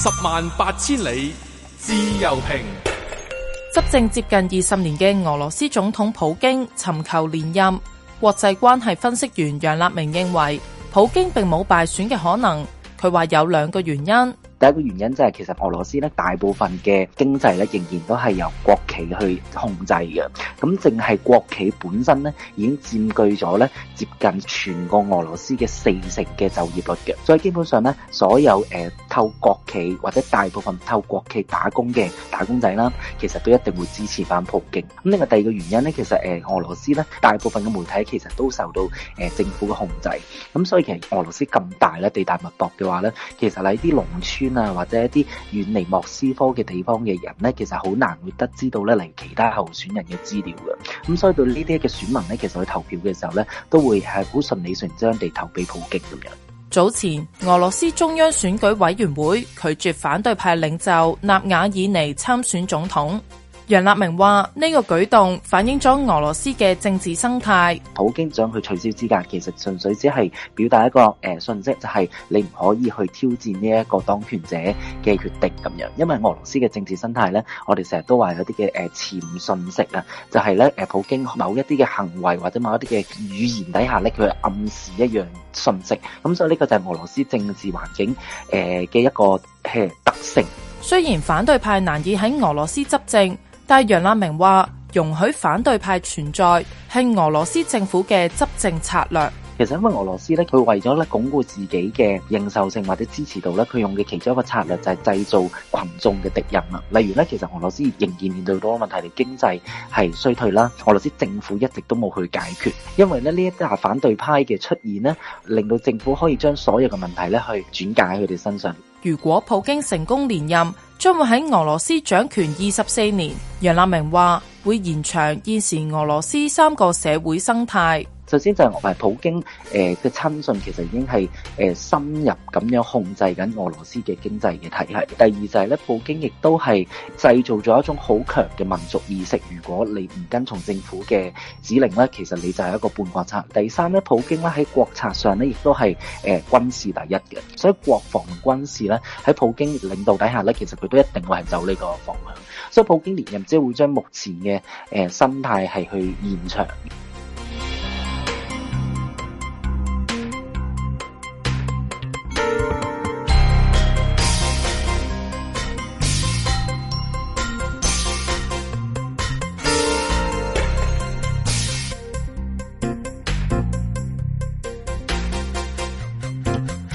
十萬八千里自由評，執政接近二十年嘅俄羅斯總統普京尋求連任。國際關係分析員楊立明認為，普京並冇敗選嘅可能。佢話有兩個原因。第一個原因就係，其實俄羅斯咧，大部分嘅經濟咧，仍然都係由國企去控制嘅。咁淨係國企本身咧，已經佔據咗咧接近全個俄羅斯嘅四成嘅就業率嘅。所以基本上咧，所有誒。呃透過國企或者大部分透過國企打工嘅打工仔啦，其實都一定會支持翻普京。咁另外第二個原因呢，其實誒俄羅斯呢，大部分嘅媒體其實都受到誒、呃、政府嘅控制。咁所以其實俄羅斯咁大咧，地大物博嘅話呢，其實喺啲農村啊或者一啲遠離莫斯科嘅地方嘅人呢，其實好難會得知到呢嚟其他候選人嘅資料嘅。咁所以對呢啲嘅選民呢，其實去投票嘅時候呢，都會係好順理成章地投俾普京咁樣。早前，俄羅斯中央選舉委員會拒絕反對派領袖納瓦爾尼參選總統。楊立明話：呢個舉動反映咗俄羅斯嘅政治生態。普京將佢取消資格，其實純粹只係表達一個誒訊息，就係你唔可以去挑戰呢一個當權者嘅決定咁樣。因為俄羅斯嘅政治生態呢，我哋成日都話有啲嘅誒潛訊息啊，就係咧誒普京某一啲嘅行為或者某一啲嘅語言底下，咧佢暗示一樣訊息。咁所以呢個就係俄羅斯政治環境誒嘅一個誒特性。雖然反對派難以喺俄羅斯執政。但楊立明話，容許反對派存在係俄羅斯政府嘅執政策略。其實因為俄羅斯咧，佢為咗咧鞏固自己嘅認受性或者支持度咧，佢用嘅其中一個策略就係製造群眾嘅敵人啦。例如咧，其實俄羅斯仍然面對多個問題，嘅經濟係衰退啦。俄羅斯政府一直都冇去解決，因為咧呢一啲反對派嘅出現呢，令到政府可以將所有嘅問題咧去轉嫁喺佢哋身上。如果普京成功連任，將會喺俄羅斯掌權二十四年。楊立明話會延長現時俄羅斯三個社會生態。首先就係普京，誒嘅親信其實已經係深入咁樣控制緊俄羅斯嘅經濟嘅體系。第二就係咧，普京亦都係製造咗一種好強嘅民族意識。如果你唔跟從政府嘅指令咧，其實你就係一個叛國賊。第三咧，普京咧喺國策上咧，亦都係誒軍事第一嘅，所以國防軍事咧喺普京領導底下咧，其實佢都一定會係走呢個方向。所以普京連任即係會將目前嘅誒心態係去延長。